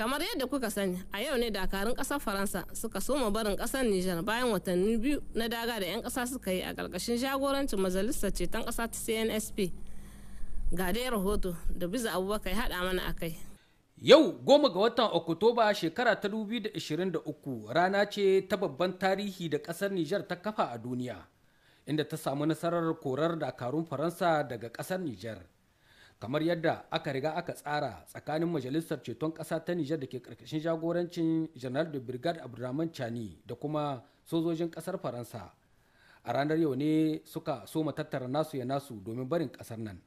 kamar yadda kuka sani a yau ne dakarun kasar faransa suka soma barin kasar nijar bayan watanni biyu na daga da 'yan kasa suka yi a ƙarƙashin jagorancin majalisar ceton ƙasa ta cnsp ga dai rahoto da biza abubakar haɗa mana a kai yau goma ga watan oktoba shekara ta 2023 rana ce ta babban tarihi da kasar nijar ta kafa a duniya inda ta samu nasarar korar dakarun faransa daga kasar nijar kamar yadda aka riga aka tsara tsakanin majalisar ceton ƙasa ta nijar da ke ƙarƙashin jagorancin janar de brigad abdurrahman chani da kuma sojojin ƙasar faransa a ranar yau ne suka soma tattara nasu ya nasu domin barin ƙasar nan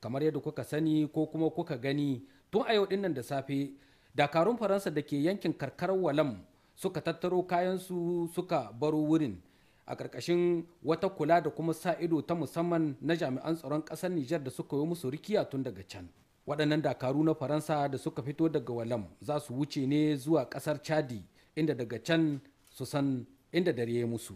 kamar yadda kuka sani ko kuma kuka gani tun a yau dinnan da safe dakarun faransa da ke yankin karkar walam suka tattaro kayansu suka baro wurin a ƙarƙashin wata kula da kuma sa ido ta musamman na jami'an tsaron ƙasar Nijar da suka yi musu rikiya tun daga can. Waɗannan dakaru na Faransa da suka fito daga Walam za su wuce ne zuwa ƙasar Chadi inda daga can su san inda dare ya musu.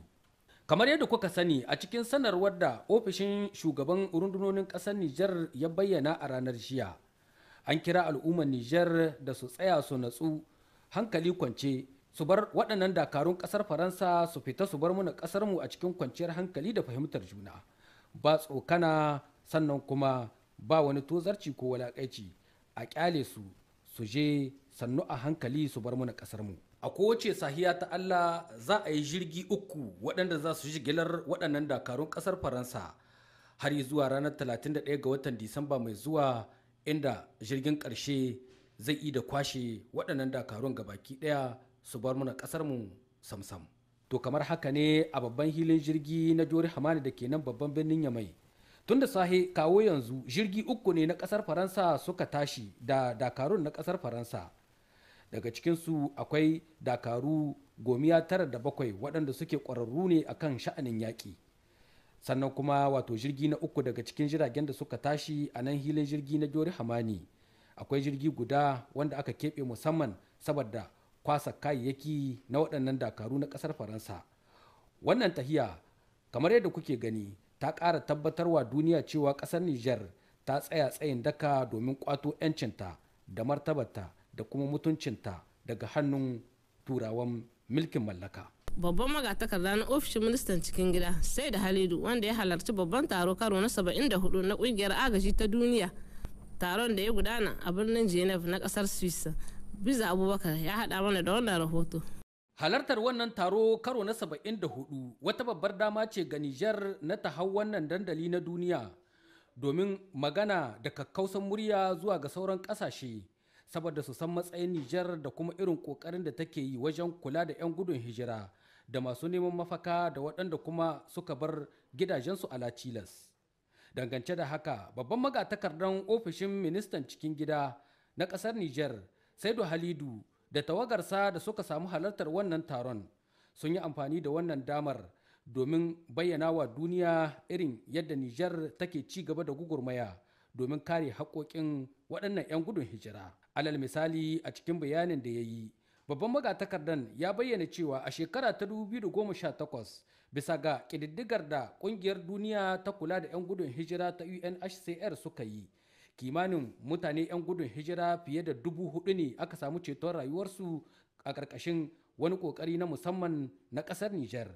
Kamar yadda kuka sani a cikin sanarwar da ofishin shugaban rundunonin ƙasar Nijar ya bayyana a ranar jiya. An kira al'ummar Nijar da su tsaya su natsu hankali kwance su bar waɗannan dakarun ƙasar faransa su fita su bar muna ƙasar mu a cikin kwanciyar hankali da fahimtar juna ba tsokana sannan kuma ba wani tozarci ko walaƙaici a ƙyale su su je sannu a hankali su bar muna ƙasar mu a kowace sahiya ta allah za a yi jirgi uku waɗanda za su jigilar waɗannan dakarun ƙasar faransa har zuwa ranar 31 ga watan disamba mai zuwa inda jirgin ƙarshe zai yi da kwashe waɗannan dakarun ga baki ɗaya su bar na kasar mu samsam to kamar haka ne a babban hilin jirgi na jori hamani da ke nan babban birnin yamai tun da sahe kawo yanzu jirgi uku ne na kasar faransa suka tashi da dakarun na kasar faransa daga cikinsu akwai dakaru gomiya tara da bakwai waɗanda suke ƙwararru ne a kan sha'anin yaƙi sannan kuma wato jirgi na uku daga cikin jiragen da suka tashi a nan hilin jirgi na jori hamani akwai jirgi guda wanda aka keɓe musamman saboda kwasa kayayyaki na waɗannan dakaru na ƙasar faransa wannan tahiya kamar yadda kuke gani ta ƙara tabbatarwa duniya cewa ƙasar niger ta tsaya tsayin daka domin kwato 'yancinta da martabarta da kuma mutuncinta daga hannun turawan mulkin mallaka babban magatakarda na ofishin ministan cikin gida sai da halidu wanda ya halarci babban taro karo na 74 na kungiyar agaji ta duniya taron da ya gudana a birnin geneva na kasar swiss biza abubakar ya haɗa mana da wannan rahoto Halartar wannan taro karo na 74 wata babbar dama ce ga Nijar na ta hau wannan dandali na duniya domin magana da kakkausan murya zuwa ga sauran ƙasashe saboda su san matsayin Nijar da kuma irin ƙoƙarin da take yi wajen kula da 'yan gudun hijira da masu neman mafaka da waɗanda kuma suka bar gidajensu a Latilas. Dangance da haka, babban magatakardan ofishin ministan cikin gida na ƙasar Nijar saidu halidu da tawagarsa da suka samu halartar wannan taron sun yi amfani da wannan damar domin bayyana wa duniya irin yadda nijar take ci gaba da gugurmaya domin kare haƙoƙin waɗannan 'yan gudun hijira alal misali a cikin bayanin da ya yi babban magatakardan ya bayyana cewa a shekara ta 2018 bisa ga ƙididdigar da ƙungiyar duniya ta kula da 'yan gudun hijira ta unhcr suka yi kimanin mutane 'yan gudun hijira fiye da dubu hudu ne aka samu ceton rayuwarsu a ƙarƙashin wani ƙoƙari na musamman na ƙasar Nijar.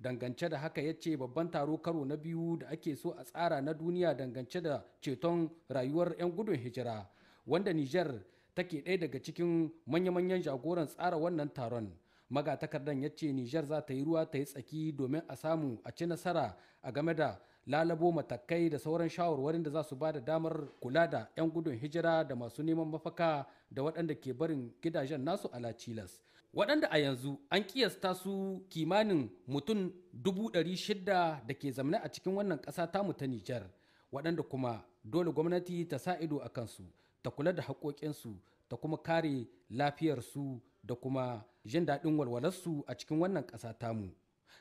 Dangance da haka ya ce babban taro karo na biyu da ake so a tsara na duniya dangance da ceton rayuwar 'yan gudun hijira, wanda Nijar take ɗaya daga cikin manya-manyan jagoran tsara wannan taron. Magatakardan ya ce Nijar za ta yi ruwa ta yi tsaki domin a samu a ci nasara a game da lalabo matakai da sauran shawarwarin da za su ba da damar kula da 'yan gudun hijira da masu neman mafaka da waɗanda ke barin gidajen nasu a lachilas waɗanda a yanzu an kiyasta su kimanin mutum 600 da ke zamne a cikin wannan ƙasa tamu ta nijar waɗanda kuma dole gwamnati ta sa ido a kansu ta kula da haƙoƙinsu ta kuma kare lafiyarsu da kuma jin daɗin walwalarsu a cikin wannan ƙasa tamu.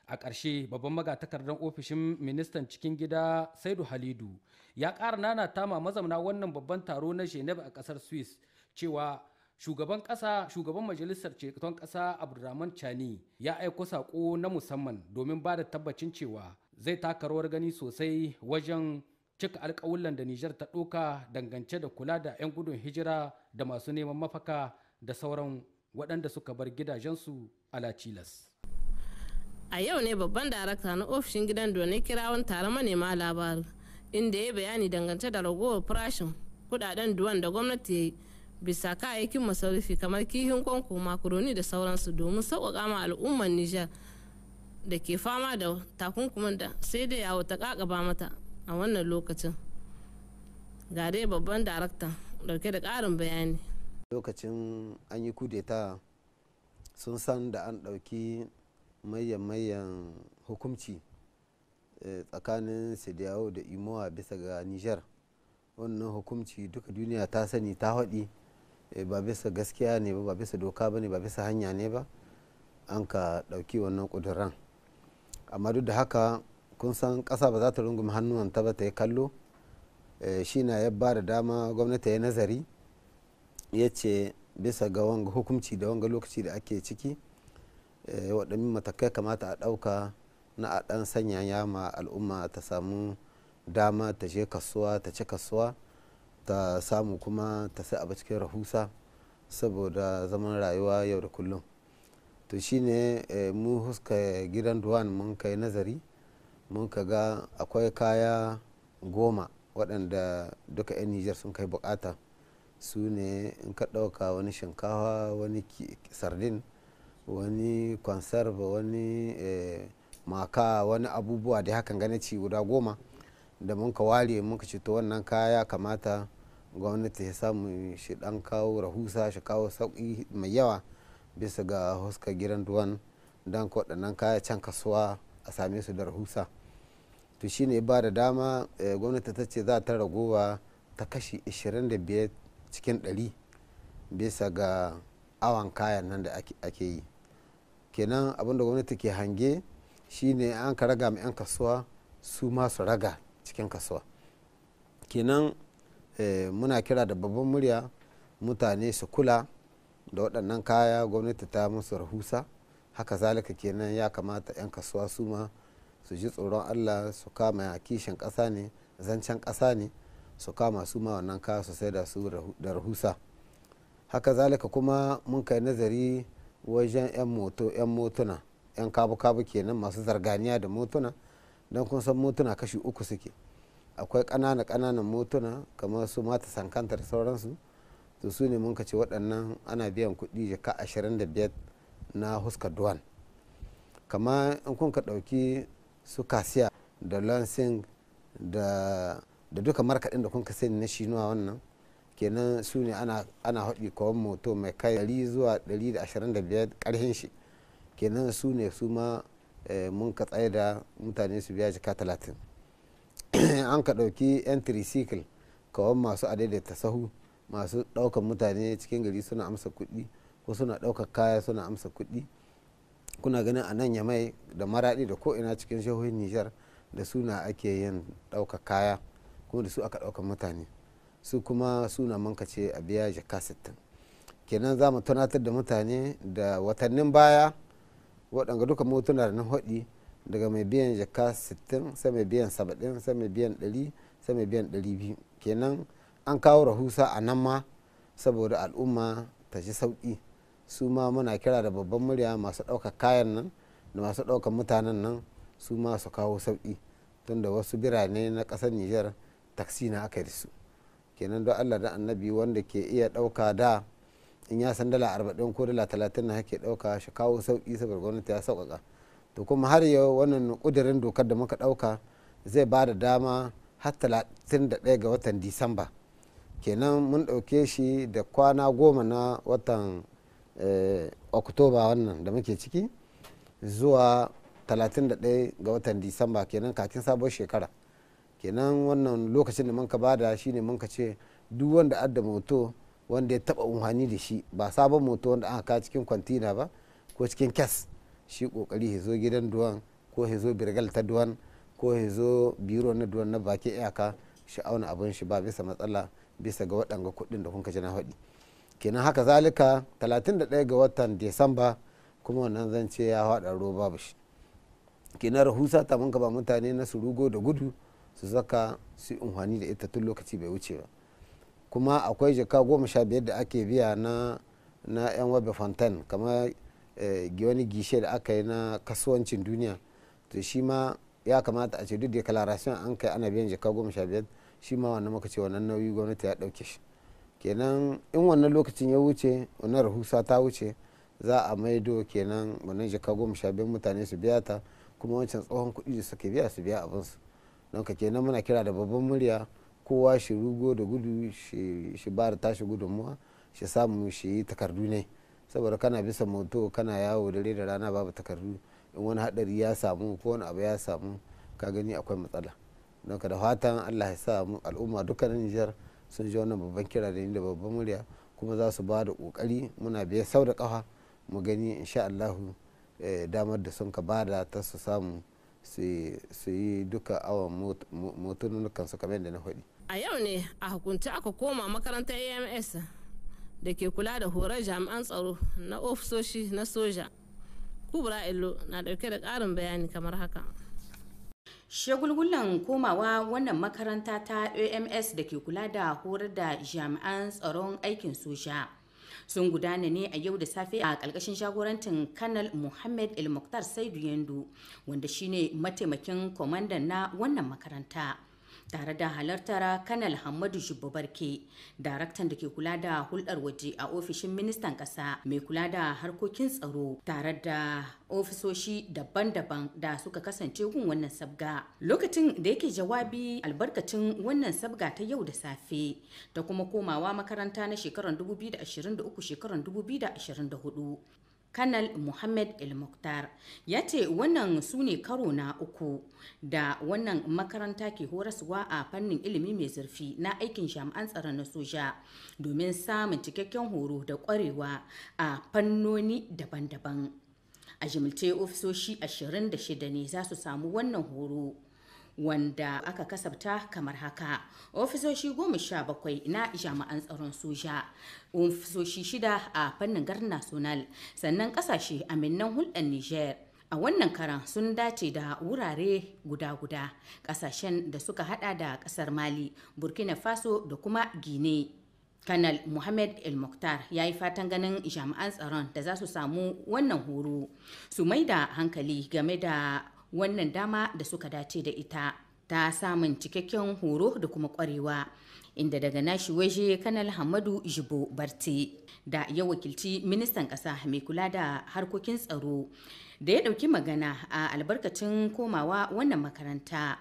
a ƙarshe babban magatakardar ofishin ministan cikin gida saidu halidu ya ƙara nana tama mazauna wannan babban taro na geneva a ƙasar swiss cewa shugaban ƙasa shugaban majalisar ceton ƙasa abdurrahman chani ya aiko saƙo na musamman domin ba da tabbacin cewa zai taka rawar gani sosai wajen cika alƙawulan da nijar ta ɗoka dangance da kula da 'yan gudun hijira da masu neman mafaka da sauran waɗanda suka bar gidajensu a lacilas. a yau ne babban darakta na ofishin gidan doni kirawan taron manema labaru inda ya bayani dangance da ragowar farashin kudaden duwan da gwamnati ya yi bisa kayayyakin masarufi kamar kihin kwanko makaroni da sauransu domin sauƙaƙa ma al'ummar nijar da ke fama da takunkumin da sai dai yawo ta kakaba mata a wannan lokacin ga dai babban darakta dauke da ƙarin bayani lokacin an yi kudeta sun san da an ɗauki mayan hukumci eh, tsakanin sidiyawo da imowa bisa ga niger wannan hukumci duka duniya ta sani ta haɗi eh, ba bisa gaskiya ne ba bisa doka ba ne ba bisa hanya ne ba an ka ɗauki wannan ƙuduran amma duk da haka kun san ƙasa ba za ta rungume hannuwanta ba ta yi kallo eh, shi na ya ba da dama gwamnati ya nazari ya ce bisa ga wanga hukumci da wanga lokaci da ake ciki Eh, waɗannan matakai kamata a ɗauka na a ɗan sanya yama al'umma ta samu dama ta je kasuwa ta ci kasuwa ta samu kuma ta sai abu cikin rahusa saboda zaman rayuwa yau da kullum to shi ne eh, mu huska gidan duwan mun kai nazari mun ka ga akwai kaya goma waɗanda duka 'yan nijar sun kai bukata su ne in ka ɗauka wani shinkawa wani sardin wani conserve wani eh, maka wani abubuwa da hakan gane ci guda goma da mun ka ware muka ka wannan kaya kamata gwamnati ya samu shi dan kawo rahusa shi kawo sauki mai yawa bisa ga huska gidan duwan don waɗannan kaya can kasuwa a same su da rahusa to shine ba da dama eh, gwamnati ta ce za ta ragowa ta kashi 25 cikin 100 bisa ga awon kayan nan da ake yi kenan abinda gwamnati ke hange shine an ka raga ma 'yan kasuwa su masu raga cikin kasuwa kenan eh, muna kira da babban murya mutane su kula da waɗannan kaya gwamnati ta musu rahusa haka zalika kenan ya kamata 'yan kasuwa su ma su ji tsoron allah su kama kishin ƙasa ne zancen ƙasa ne su kama su ma wannan kaya su sai da su da rahusa haka zalika kuma mun kai nazari wajen 'yan moto 'yan motuna 'yan kabu-kabu kenan masu zarganiya da motuna don kun san motuna kashi uku suke akwai kanana ƙananan motuna kamar su mata sankantar sauransu to su ne mun ce waɗannan ana biyan kuɗi jaka ashirin da biyar na huskar duwan kama in kun ka ɗauki su kasiya da lansing da duka markaɗin da kun ka sani na shinuwa wannan kenan su ne ana haɗi kawon moto mai kai 100 zuwa 125 ƙarhin shi kenan su ne su ma eh, mun ka tsaye da mutane su biya jika 30 an ka ɗauki 'yan tricycle kawon masu adaidaita sahu masu ɗaukar mutane cikin gari suna amsa kuɗi ko suna ɗaukar kaya suna amsa kuɗi kuna ganin a nan yamai da maraɗi da ko'ina cikin shahohin nijar da suna ake yin ɗaukar kaya kuma da su aka ɗaukar mutane su kuma suna manka ce a biya jaka 60 kenan za mu tunatar da mutane da watannin baya waɗanda duka motuna da na haɗi daga mai biyan jaka 60 sai mai biyan 70 sai mai biyan 100 sai mai biyan 200 kenan an kawo rahusa a nan ma saboda al'umma ta ji sauƙi su ma muna kira da babban murya masu ɗaukar kayan nan da masu ɗaukar mutanen nan su ma su kawo sauƙi tunda wasu birane na ƙasar nijar taksi na aka yi su kenan don allah da annabi wanda ke iya dauka da in ya san dala arba'in ko dala talatin na hake dauka shi kawo sauƙi saboda gwamnati ya sauƙaƙa to kuma har yau wannan ƙudurin dokar da muka dauka zai ba da dama har talatin da ɗaya ga watan disamba kenan mun ɗauke shi da kwana goma na watan eh, oktoba wannan da muke ciki zuwa 31 ga watan disamba kenan kakin sabon shekara kenan wannan lokacin da mun ka bada ne mun ka ce duk wanda adda moto wanda ya taba umhani da shi ba sabon moto wanda aka kawo cikin kwantina ba ko cikin kes shi kokari ya zo gidan duwan ko ya zo birgal ta duwan ko ya zo biro na duwan na baki iyaka shi auna abin shi ba bisa matsala bisa ga waɗanga kuɗin da kuka ka na faɗi kenan haka zalika 31 ga watan desamba kuma wannan zance ya haɗa ruwa babu shi kenan rahusa ta mun ba mutane na surugo da gudu su zaka su unhani da ita tun lokaci bai wuce ba kuma akwai jaka goma sha biyar da ake biya na na yan wabe fontaine kamar eh, wani gishe da aka yi na kasuwancin duniya to shi ma ya kamata a ce duk declaration an kai ana biyan jaka goma sha biyar shi ma wannan muka ce wannan nauyi gwamnati ya ɗauke shi kenan in wannan lokacin ya wuce wannan rahusa ta wuce za a maido kenan wannan jaka goma sha biyar mutane su biya ta kuma wancan tsohon kuɗi da suke biya su biya abinsu don kenan muna kira da babban murya kowa shi rugo da gudu shi ba da tashi gudunmuwa shi samu shi yi takardu ne saboda kana bisa moto kana yawo dare da rana babu takardu in wani hadari ya samu ko wani abu ya samu ka gani akwai matsala don ka da fatan allah ya sa al'umma dukkanin nijar sun ji wannan babban kira da ni da babban murya kuma za su ba da kokari muna biya sau da kafa mu gani insha allahu eh, damar da sun ka bada ta su samu su yi duka awon motunan su kamar da na faɗi. a yau ne a hukunci aka koma makarantar ams da ke kula da horar jami'an tsaro na ofisoshi na soja kubra ilo na dauke da ƙarin bayani kamar haka shagulgulan komawa wannan makaranta ta ams da ke kula da horar da jami'an tsaron aikin soja sun gudana ne a yau da safe a ƙarƙashin jagorancin kanal muhammad el muktar saidu yandu wanda shine mataimakin kwamandan na wannan makaranta tare da halartar kanal hamadu jubba barke daraktan da ke kula da hulɗar waje a ofishin ministan ƙasa mai kula da harkokin tsaro tare da ofisoshi daban-daban da suka kasance gun wannan sabga lokacin da yake jawabi albarkacin wannan sabga ta yau da safe ta kuma komawa makaranta na shekarar 2023 shekarar 2024 kanal muhammad el-mukhtar ya ce wannan su ne karo na uku da wannan makaranta ke horaswa a fannin ilimi mai zurfi na aikin jami'an tsaron na soja domin samun cikakken horo da kwarewa a fannoni daban-daban a jimilce ofisoshi 26 ne za su samu wannan horo wanda aka kasabta kamar haka ofisoshi goma sha bakwai na jama'an tsaron soja ofisoshi shida a fannin gar national sannan kasashe minnan hulɗar niger a wannan karan sun dace da wurare guda-guda kasashen da suka hada da kasar mali burkina faso da kuma gine kanal Muhammad El Mokhtar ya yi fatan ganin jami'an tsaron da za su samu wannan horo su mai da hankali game da wannan dama da suka dace da ita ta samun cikakken horo da kuma kwarewa inda daga nashi waje kanal hamadu jibo barte da ya wakilci ministan kasa mai kula da harkokin tsaro da ya dauki magana a albarkacin komawa wannan makaranta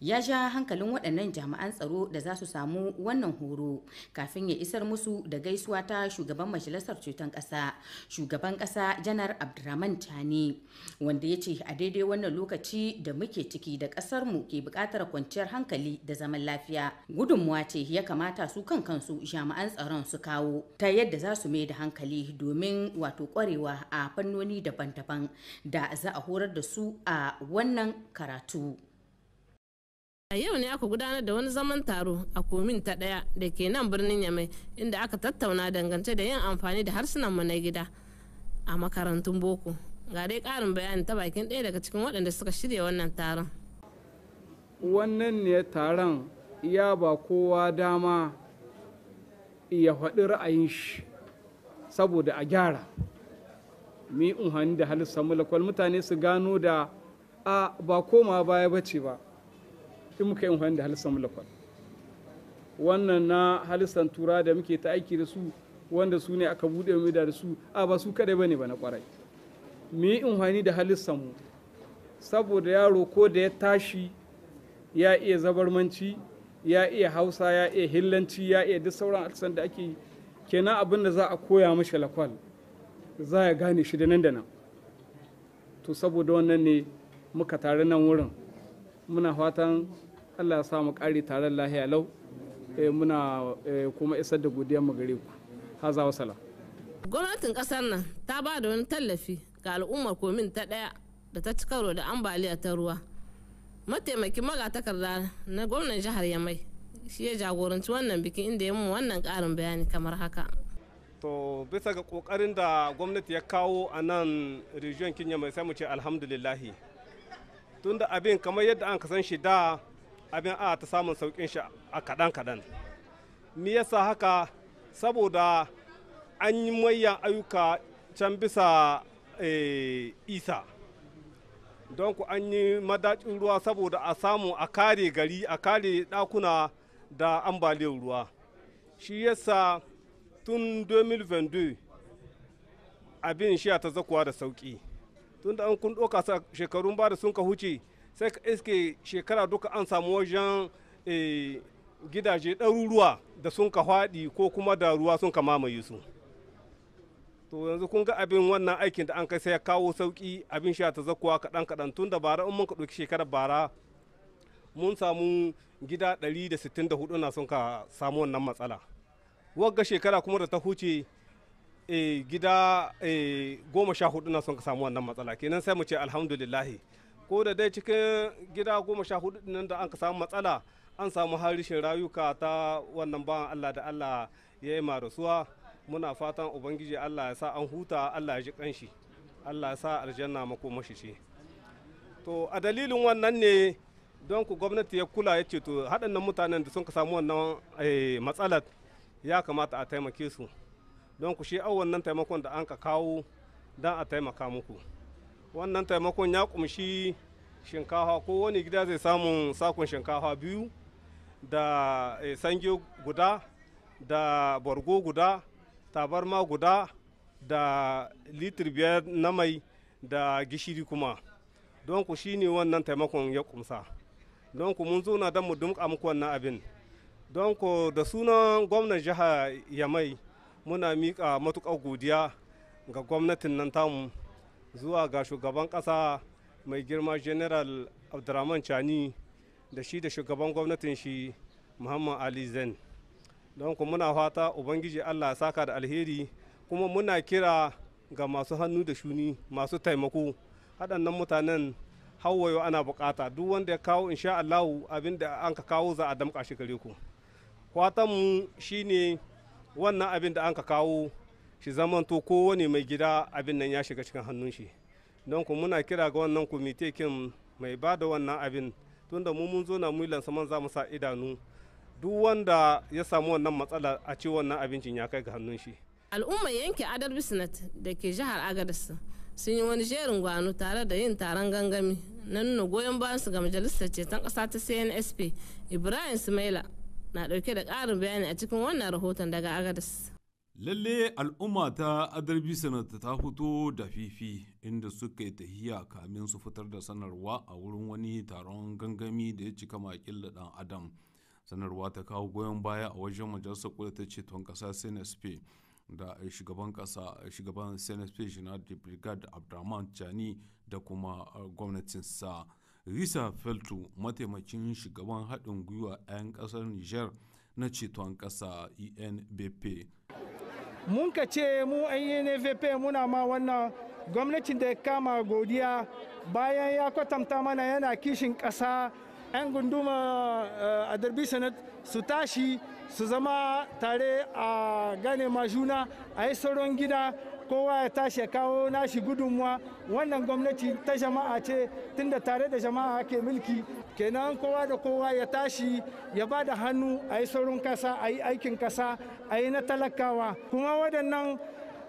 ya ja hankalin waɗannan jami'an tsaro da za su samu wannan horo kafin ya isar musu da gaisuwa ta shugaban majalisar ceton ƙasa shugaban ƙasa janar abdulrahman tani wanda ya ce a daidai wannan lokaci da muke ciki da ƙasar mu ke buƙatar kwanciyar hankali da zaman lafiya gudunmuwa ce ya kamata su kan kansu jami'an tsaron su kawo ta yadda za su mai da hankali domin wato kwarewa a fannoni daban-daban da za a horar da su a wannan karatu. a yau ne aka gudanar da wani zaman taro a komin ta ɗaya da ke nan birnin yamai inda aka tattauna dangance da yin amfani da harsunan mu na gida a makarantun boko ga dai karin bayani ta bakin ɗaya daga cikin waɗanda suka shirya wannan taron wannan ne taron ya ba kowa dama ya faɗi ra'ayin shi saboda a gyara mi unhani da halin samu mutane su gano da a ba koma baya bace ba in muka yi amfani da halittar mulkwal wannan na halisan tura da muke ta aiki da su wanda su ne aka buɗe mu da su a ba su kadai bane ba na kwarai mu yi amfani da halittar mu saboda yaro ko da ya tashi ya iya zabarmanci ya iya hausa ya iya hillanci ya iya duk sauran alisan da ake kenan abin da za a koya mashi lakwal za ya gane shi da nan da nan to saboda wannan ne muka tare nan wurin muna fatan allah ya samu ƙari tare lahiya lau eh, muna eh, kuma isar da godiyar mu gare ku haza wasala gwamnatin kasar nan ta ba da wani tallafi ga al'ummar komin ta ɗaya da ta cikaro da ambaliya ta ruwa mataimakin magatakarda na gwamnan jihar yamai shi ya jagoranci wannan bikin inda ya mu wannan ƙarin bayani kamar haka to bisa ga kokarin da gwamnati ya kawo a nan rijiyon kinya mai sai mu ce alhamdulillahi tunda abin kamar yadda an kasan shi da abin a ta samun saukin shi a kaɗan kadan me yasa haka saboda an yi mayan ayyuka can bisa eh, isa don ku an yi madacin ruwa saboda a samu a kare gari a kare ɗakuna da ambaliyar ruwa shi yasa tun 2022 abin shi ta zakuwa da sauki tun da an kun ɗoka shekarun ba da sun ka huce sai ka iske shekara duka an samu wajen eh, gidaje ɗaruruwa da sun ka faɗi ko kuma da ruwa sun ka mamaye su to yanzu kun ga abin wannan aikin da an kai sai ya kawo sauki abin sha ta zakuwa kaɗan kaɗan tun da bara in mun ka ɗauki shekarar bara mun samu gida 164 na sun ka samu wannan matsala wagga shekara kuma da ta huce eh, gida eh, goma sha hudu na sun ka samu wannan matsala kenan sai mu ce alhamdulillahi ko da dai cikin gida goma sha hudu nan da an ka samu matsala an samu harishin rayuka ta wannan bawan allah da allah ya yi rasuwa muna fatan ubangiji allah ya sa an huta allah ya ji kanshi allah ya sa aljanna makomashi ce to a dalilin wannan ne don ku gwamnati ya kula ya ce to haɗannan mutanen da sun ka samu wannan eh, matsalar ya kamata a taimake su don ku shi awon nan taimakon da an ka kawo don a taimaka muku wannan taimakon ya kumshi shinkafa ko wani gida zai samu sakon shinkafa biyu da eh, sange guda da borgo guda tabarma guda da litir biyar na mai da gishiri kuma don ku shine wannan taimakon ya kumsa don ku mun na don mu dumka muku wannan abin don ku da sunan gwamnan jiha yamai muna miƙa matuƙar godiya ga gwamnatin nan tamu zuwa ga shugaban ƙasa mai girma general abdurrahman chani da shi da shugaban gwamnatin shi muhammad ali zain don kuma muna fata ubangiji allah saka da alheri kuma muna kira ga masu hannu da shuni masu taimako haɗannan mutanen hawayo ana bukata duk wanda ya kawo insha allahu abin da an ka kawo za a damƙa shi gare ku mu shine wannan abin da an ka kawo shi zamanto kowane mai gida abin nan ya shiga cikin hannun shi don ku muna kira ga wannan kwamite kin mai ba da wannan abin tunda mu mun zo na mu man za mu sa idanu duk wanda ya samu wannan matsala a ce wannan abincin ya kai ga hannun shi al'ummar yanke adar bisnat da ke jihar agadis sun yi wani jerin gwano tare da yin taron gangami na nuna goyon su ga majalisar ceton kasa ta cnsp ibrahim smaila na dauke da karin bayani a cikin wannan rahoton daga agadis Lalle al'umma ta adarbi sanata ta fito da fifi inda suka yi tahiya kamin su fitar da sanarwa a wurin wani taron gangami da ya cika makil da ɗan adam. Sanarwa ta kawo goyon baya a wajen majalisar kula ta ceton ƙasa CNSP da shugaban kasa shugaban CNSP General de Brigade Abdurrahman Chani da kuma uh, gwamnatinsa. Risa Feltu mataimakin shugaban haɗin gwiwa 'yan ƙasar niger. na ceton ƙasa enbp mun ka ce mu enbp muna ma wannan gwamnatin da ya kama godiya bayan ya kwatanta mana yana kishin ƙasa 'yan gunduma eh, a darbi su tashi su zama tare a gane majuna a yi sauran gida kowa ya tashi ya kawo nashi gudunmuwa wannan gwamnati ta jama'a ce tunda tare da jama'a ke mulki kenan kowa da kowa ya tashi ya ba da hannu a yi saurin kasa a yi aikin kasa a yi na talakawa kuma waɗannan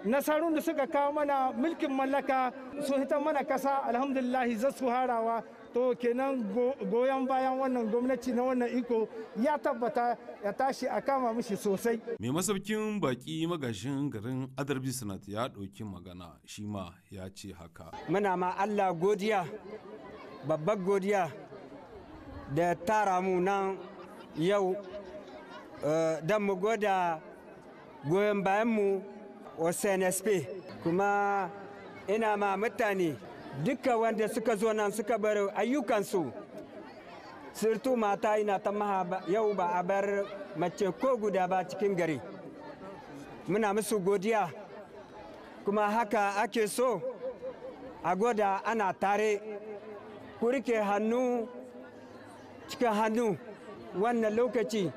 nasarun da suka kawo mana mulkin mallaka su hitar mana kasa alhamdulillahi za su harawa to kenan goyon bayan wannan gwamnati na wannan iko ya tabbata ya tashi a kama mishi sosai. Mai masaukin baki magashin garin Adarbi Sanat ya ɗauki magana shi ma ya ce haka. Muna ma Allah godiya, babbar godiya da tara mu nan yau eh, don mu goda goyon bayanmu wa CNSP kuma ina ma mutane duka wanda suka zo nan suka bar ayyukansu sirtu mata ina ta maha yau ba a bar mace ko guda ba cikin gari muna musu godiya kuma haka ake so a goda ana tare ku rike hannu cikin hannu wannan lokaci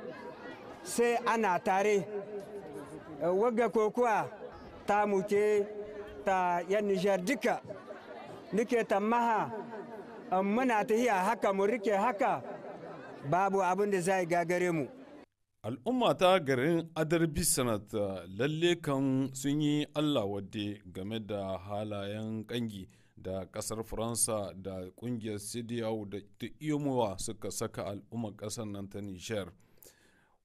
sai ana tare wagga kokuwa ta muke ta yan nijar duka nike tammaha muna tahiya haka mu rike haka babu abin da zai gagare mu al'umma ta garin adarbi sanat lalle kan sun yi allah wadde game da halayen kangi da kasar faransa da kungiyar cdau da iyomowa suka saka al'ummar kasar nan ta nishar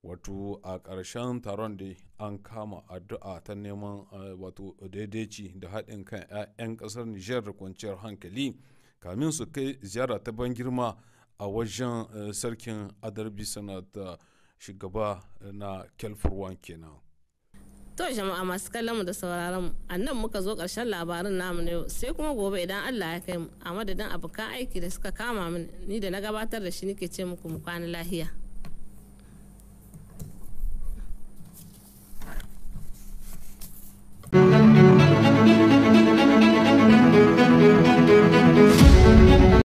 wato a ƙarshen taron da an kama addu'a ta neman eh, wato daidaici da haɗin kan 'ya'yan ƙasar nijar da kwanciyar hankali kamin su kai ziyara ta ban girma a wajen eh, sarkin adarbi sanata shugaba eh, na kelfurwan kenan to jama'a masu kallonmu mu da sauraron mu nan muka zo ƙarshen labarin namu na yau sai kuma gobe idan allah ya kai mu a madadin abokan aiki da suka kama mini ni da na gabatar da shi nake ce muku mu kwana lahiya Thank you.